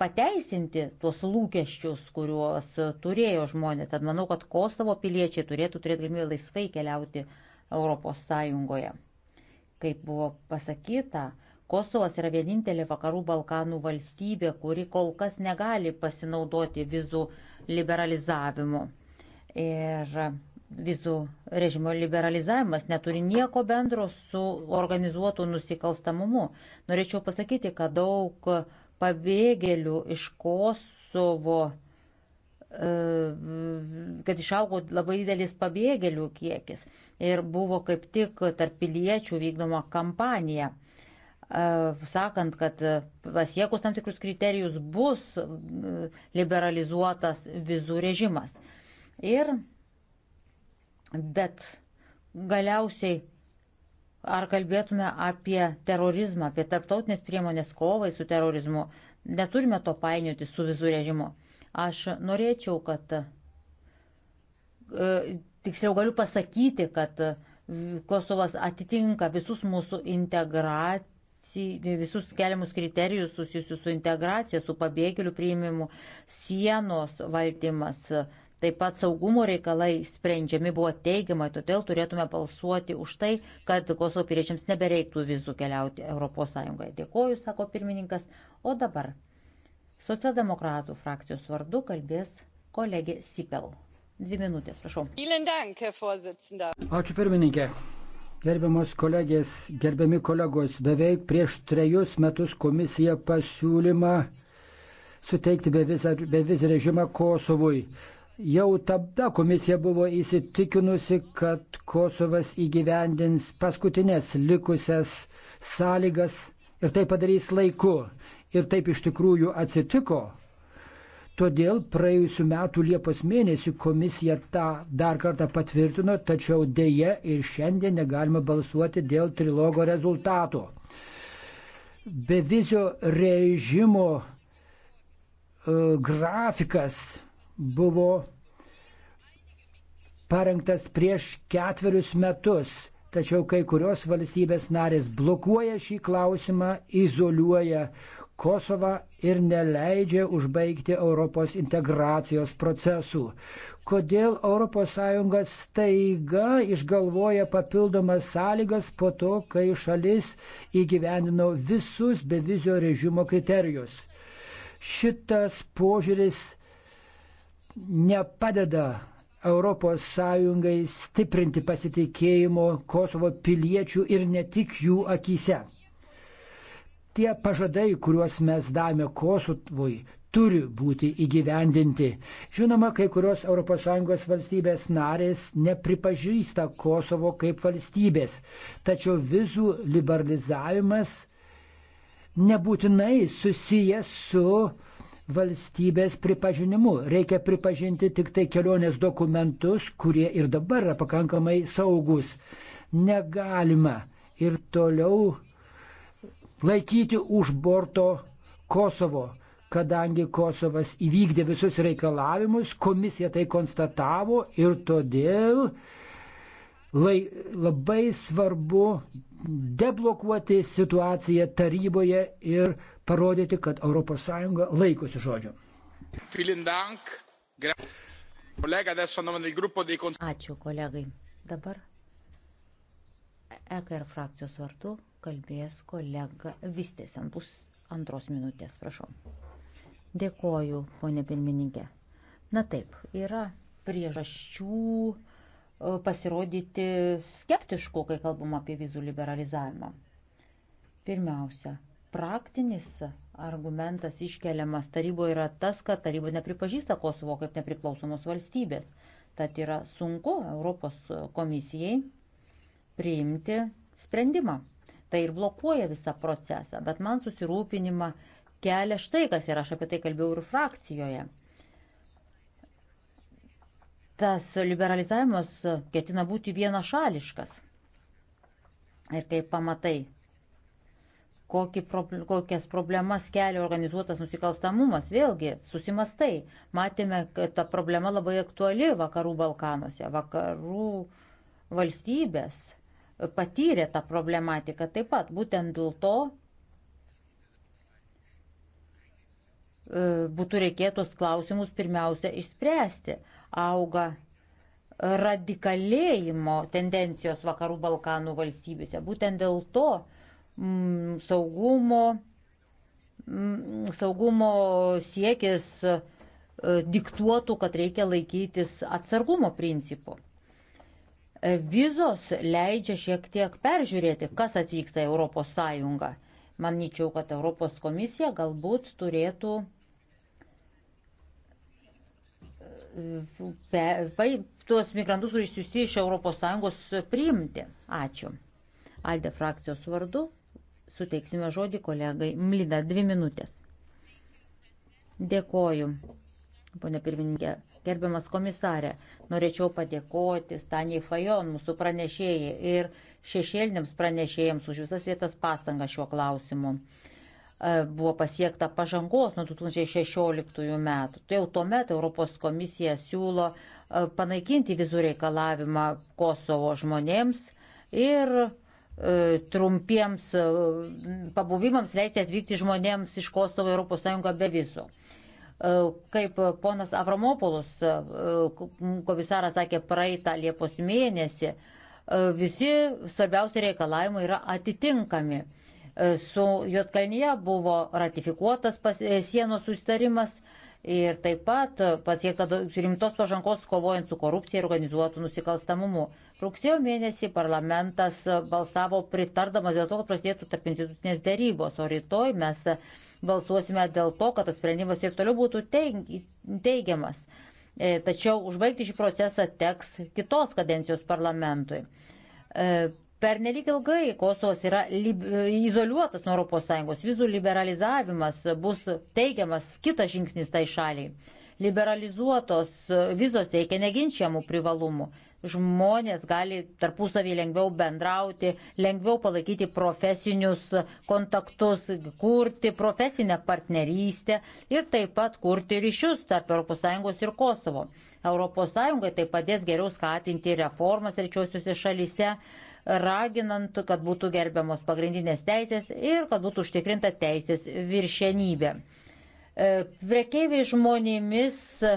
[SPEAKER 3] pateisinti tuos lūkesčius, kuriuos turėjo žmonės. Tad manau, kad Kosovo piliečiai turėtų turėti galimybę laisvai keliauti ES. Kaip buvo pasakyta, Kosovas yra vienintelė vakarų Balkanų valstybė, kuri kol kas negali pasinaudoti vizų liberalizavimu. Ir vizų režimo liberalizavimas neturi nieko bendro su organizuotu nusikalstamumu. Norėčiau pasakyti, kad daug pabėgėlių iš Kosovo, e, kad išaugo labai didelis pabėgėlių kiekis ir buvo kaip tik tarp piliečių vykdoma kampanija sakant, kad e, pasiekus tam tikrus kriterijus bus e, liberalizuotas vizų režimas. Ir bet galiausiai ar kalbėtume apie terorizmą, apie tarptautinės priemonės kovai su terorizmu, neturime to painioti su vizų režimu. Aš norėčiau, kad e, tiksliau galiu pasakyti, kad Kosovas atitinka visus mūsų integracijos visus keliamus kriterijus susijusius su integracija, su pabėgėlių priimimu, sienos valdymas, taip pat saugumo reikalai sprendžiami buvo teigiamai, todėl turėtume balsuoti už tai, kad Kosovo piriečiams nebereiktų vizų keliauti ES. Dėkoju, sako pirmininkas. O dabar socialdemokratų frakcijos vardu kalbės kolegė Sipel. Dvi minutės, prašau.
[SPEAKER 2] Ačiū pirmininkė. Gerbiamos kolegės, gerbiami kolegos, beveik prieš trejus metus komisija pasiūlymą suteikti bevizį be režimą Kosovui. Jau tada komisija buvo įsitikinusi, kad Kosovas įgyvendins paskutinės likusias sąlygas ir tai padarys laiku. Ir taip iš tikrųjų atsitiko, Todėl praėjusiu metu Liepos mėnesį komisija tą dar kartą patvirtino, tačiau dėje ir šiandien negalima balsuoti dėl trilogo rezultato. Bevizio režimo uh, grafikas buvo parengtas prieš ketverius metus, tačiau kai kurios valstybės narės blokuoja šį klausimą, izoliuoja Kosovą ir neleidžia užbaigti Europos integracijos procesų. Kodėl ES staiga išgalvoja papildomas sąlygas po to, kai šalis įgyvendino visus bevizio režimo kriterijus? Šitas požiūris nepadeda ES stiprinti pasitikėjimo Kosovo piliečių ir ne tik jų akise tie pažadai, kuriuos mes davėme Kosovui, turi būti įgyvendinti. Žinoma, kai kurios ES valstybės narės nepripažįsta Kosovo kaip valstybės, tačiau vizų liberalizavimas nebūtinai susijęs su valstybės pripažinimu. Reikia pripažinti tik tai kelionės dokumentus, kurie ir dabar yra pakankamai saugus. Negalima ir toliau laikyti už borto Kosovo, kadangi Kosovas įvykdė visus reikalavimus, komisija tai konstatavo ir todėl lai, labai svarbu deblokuoti situaciją taryboje ir parodyti, kad ES laikosi žodžio.
[SPEAKER 3] Ačiū kolegai. Dabar EKR frakcijos vartų kalbės kolega Vistėsen bus antros minutės, prašau. Dėkoju, ponė pirmininkė. Na taip, yra priežasčių e, pasirodyti skeptišku, kai kalbam apie vizų liberalizavimą. Pirmiausia, praktinis argumentas iškeliamas taryboje yra tas, kad taryba nepripažįsta Kosovo kaip nepriklausomos valstybės. Tad yra sunku Europos komisijai priimti sprendimą tai ir blokuoja visą procesą. Bet man susirūpinimą kelia štai kas ir aš apie tai kalbėjau ir frakcijoje. Tas liberalizavimas ketina būti vienašališkas. Ir kai pamatai, proble kokias problemas kelia organizuotas nusikalstamumas, vėlgi susimastai. Matėme, kad ta problema labai aktuali vakarų Balkanuose. Vakarų valstybės patyrė tą problematiką taip pat. Būtent dėl to e, būtų reikėtos klausimus pirmiausia išspręsti. Auga radikalėjimo tendencijos vakarų Balkanų valstybėse. Būtent dėl to mm, saugumo, mm, saugumo siekis e, diktuotų, kad reikia laikytis atsargumo principų. E, vizos leidžia šiek tiek peržiūrėti, kas atvyksta į ES. Manyčiau, kad Europos komisija galbūt turėtų pe, pe, tuos migrantus, kurie išsiųsti iš ES, priimti. Ačiū. Alde frakcijos vardu suteiksime žodį kolegai Mlida. Dvi minutės. Dėkoju, ponė pirmininkė. Gerbiamas komisarė, norėčiau padėkoti Staniai Fajon, mūsų pranešėjai ir šešėliniams pranešėjams už visas vietas pastangą šiuo klausimu. E, buvo pasiekta pažangos nuo 2016 metų. Tai jau tuomet Europos komisija siūlo e, panaikinti vizų reikalavimą Kosovo žmonėms ir e, trumpiems pabuvimams leisti atvykti žmonėms iš Kosovo Europos Sąjungą be vizų. E, kaip ponas Avramopolus e, komisaras sakė praeitą Liepos mėnesį, e, visi svarbiausi reikalavimai yra atitinkami. Su Jotkalnyje buvo ratifikuotas sienos sustarimas, ir taip pat pasiekta rimtos pažangos kovojant su korupcija ir organizuotų nusikalstamumu. Rugsėjo mėnesį parlamentas balsavo pritardamas dėl to, kad prasidėtų tarp institucinės dėrybos, o rytoj mes balsuosime dėl to, kad tas sprendimas ir toliau būtų teigiamas. E, tačiau užbaigti šį procesą teks kitos kadencijos parlamentui. E, Per nelik ilgai Kosovas yra lib... izoliuotas nuo ES, vizų liberalizavimas bus teigiamas kitas žingsnis tai šaliai. Liberalizuotos vizos teikia neginčiamų privalumų. Žmonės gali tarpusavį lengviau bendrauti, lengviau palaikyti profesinius kontaktus, kurti profesinę partnerystę ir taip pat kurti ryšius tarp ES ir Kosovo. ES tai padės geriau skatinti reformas rečiosiuose šalyse raginant, kad būtų gerbiamos pagrindinės teisės ir kad būtų užtikrinta teisės viršenybė. E, prekeiviai žmonėmis e,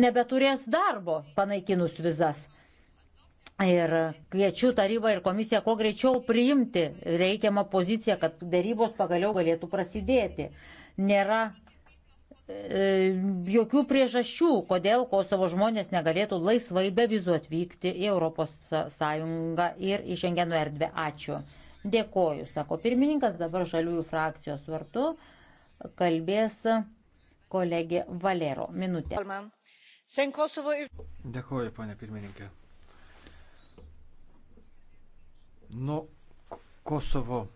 [SPEAKER 3] nebeturės darbo panaikinus vizas. Ir kviečiu tarybą ir komisiją kuo greičiau priimti reikiamą poziciją, kad darybos pagaliau galėtų prasidėti. Nėra E, jokių priežasčių, kodėl Kosovo žmonės negalėtų laisvai be vizų atvykti į ES ir į Šengeno erdvę. Ačiū. Dėkoju, sako pirmininkas, dabar žaliųjų frakcijos vartu kalbės kolegė Valero. Minutė.
[SPEAKER 1] Dėkoju, ponė pirmininkė. Nuo Kosovo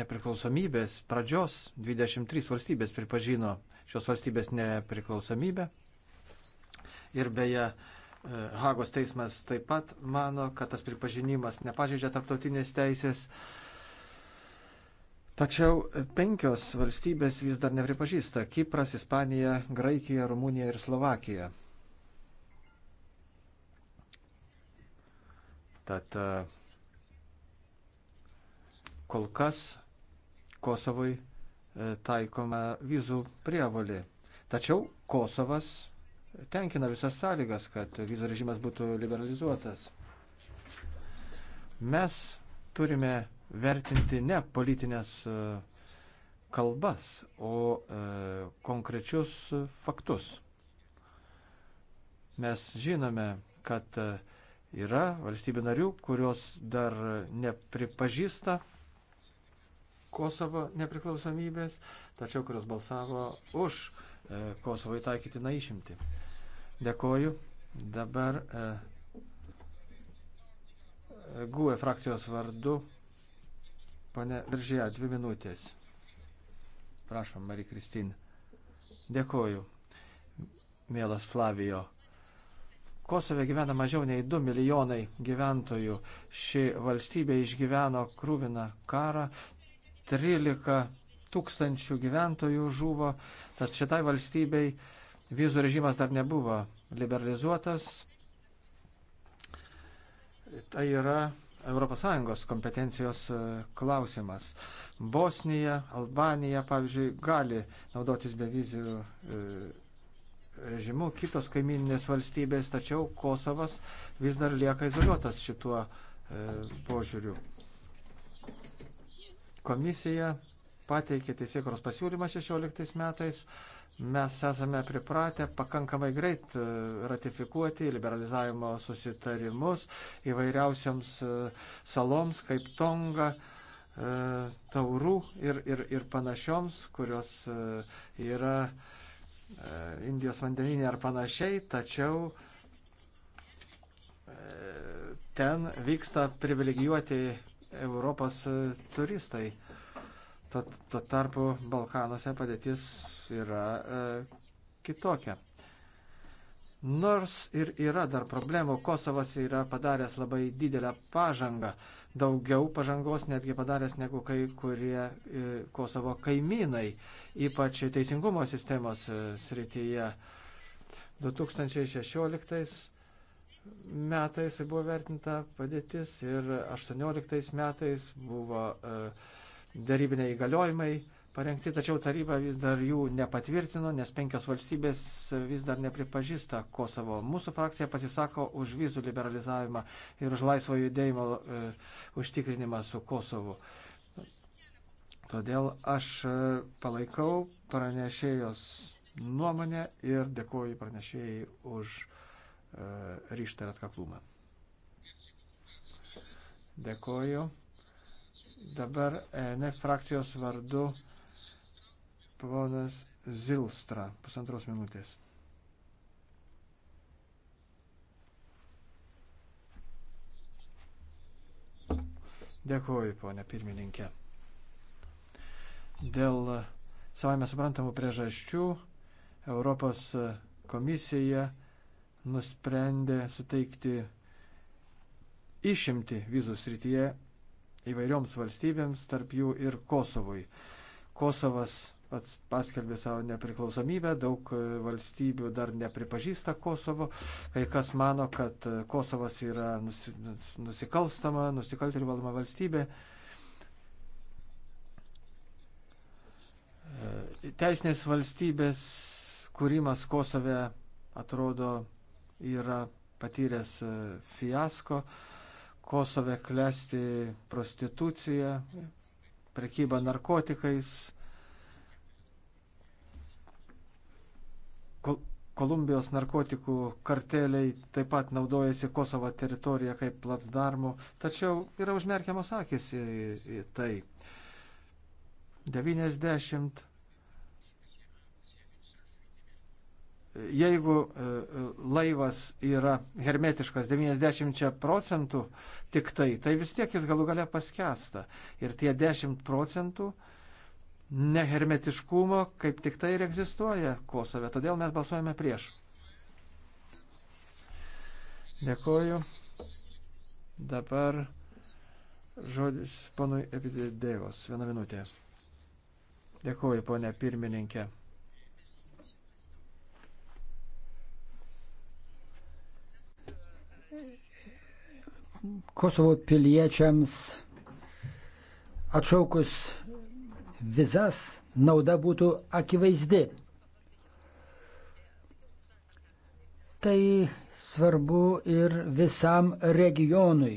[SPEAKER 1] nepriklausomybės pradžios 23 valstybės pripažino šios valstybės nepriklausomybę. Ir beje, e, Hagos teismas taip pat mano, kad tas pripažinimas nepažeidžia tarptautinės teisės. Tačiau penkios valstybės vis dar nepripažįsta - Kipras, Ispanija, Graikija, Rumunija ir Slovakija. Tad e, kol kas Kosovui E, taikoma vizų prievolė. Tačiau Kosovas tenkina visas sąlygas, kad vizų režimas būtų liberalizuotas. Mes turime vertinti ne politinės e, kalbas, o e, konkrečius faktus. Mes žinome, kad yra valstybių narių, kurios dar nepripažįsta Kosovo nepriklausomybės, tačiau kurios balsavo už e, Kosovo įtaikytiną išimtį. Dėkoju. Dabar e, GUE frakcijos vardu. Pane Viržyje, dvi minutės. Prašom, Marija Kristin. Dėkoju, mielas Flavijo. Kosove gyvena mažiau nei 2 milijonai gyventojų. Ši valstybė išgyveno krūviną karą, 13 tūkstančių gyventojų žuvo, tad šitai valstybei vizų režimas dar nebuvo liberalizuotas. Tai yra ES kompetencijos e, klausimas. Bosnija, Albanija, pavyzdžiui, gali naudotis bevizijų e, režimu, kitos kaiminės valstybės, tačiau Kosovas vis dar lieka izoliuotas šituo e, požiūriu. Komisija pateikė teisėkros pasiūlymą 16 metais. Mes esame pripratę pakankamai greit e, ratifikuoti liberalizavimo susitarimus įvairiausiams e, saloms kaip Tonga, e, Taurų ir, ir, ir panašioms, kurios yra Indijos vandeninė ar panašiai, tačiau ten vyksta privilegijuoti Europos e, turistai. Tuo tarpu Balkanuose padėtis yra e, kitokia. Nors ir yra dar problemų, Kosovas yra padaręs labai didelę pažangą, daugiau pažangos netgi padaręs negu kai kurie e, Kosovo kaimynai, ypač teisingumo sistemos e, srityje. 2016 metais buvo vertinta padėtis ir 18 metais buvo e, darybiniai įgaliojimai parengti, tačiau taryba vis dar jų nepatvirtino, nes penkios valstybės vis dar nepripažįsta Kosovo. Mūsų frakcija pasisako už vizų liberalizavimą ir už laisvo judėjimo e, užtikrinimą su Kosovu. Todėl aš e, palaikau pranešėjos nuomonę ir dėkoju pranešėjai už E, ryštą ir atkaklumą. Dėkoju. Dabar ENF frakcijos vardu ponas Zilstra, pusantros minutės. Dėkuoju, ponė pirmininkė. Dėl savame suprantamų priežasčių Europos komisija nusprendė suteikti išimti vizų srityje įvairioms valstybėms, tarp jų ir Kosovui. Kosovas pats paskelbė savo nepriklausomybę, daug valstybių dar nepripažįsta Kosovo, kai kas mano, kad Kosovas yra nusikalstama, nusikaltėlių valdoma valstybė. Teisinės valstybės kūrimas Kosove atrodo yra patyręs e, fiasko, Kosove klesti prostitucija, prekyba narkotikais. Kol Kolumbijos narkotikų karteliai taip pat naudojasi Kosovo teritoriją kaip platsdarmu, tačiau yra užmerkiamos akis į, į tai. 90 jeigu e, laivas yra hermetiškas 90 procentų tik tai, tai vis tiek jis galų gale paskęsta. Ir tie 10 procentų nehermetiškumo kaip tik tai ir egzistuoja Kosove. Todėl mes balsuojame prieš. Dėkoju. Dabar žodis ponui Epidėdėjos. Vieną minutę. Dėkoju, ponė pirmininkė.
[SPEAKER 2] Kosovo piliečiams atšaukus vizas nauda būtų akivaizdi. Tai svarbu ir visam regionui.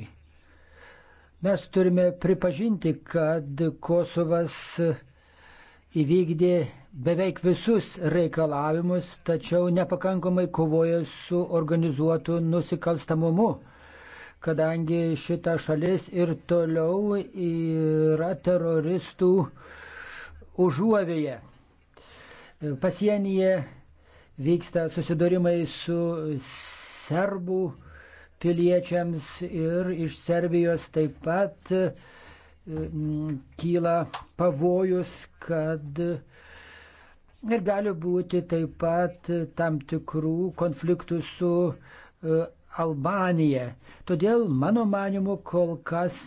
[SPEAKER 2] Mes turime pripažinti, kad Kosovas įvykdė beveik visus reikalavimus, tačiau nepakankamai kovoja su organizuotu nusikalstamumu kadangi šita šalis ir toliau yra teroristų užuovėje. Pasienyje vyksta susidūrimai su serbų piliečiams ir iš Serbijos taip pat mm, kyla pavojus, kad ir gali būti taip pat tam tikrų konfliktų su e, Albaniją. Todėl, mano manimu, kol kas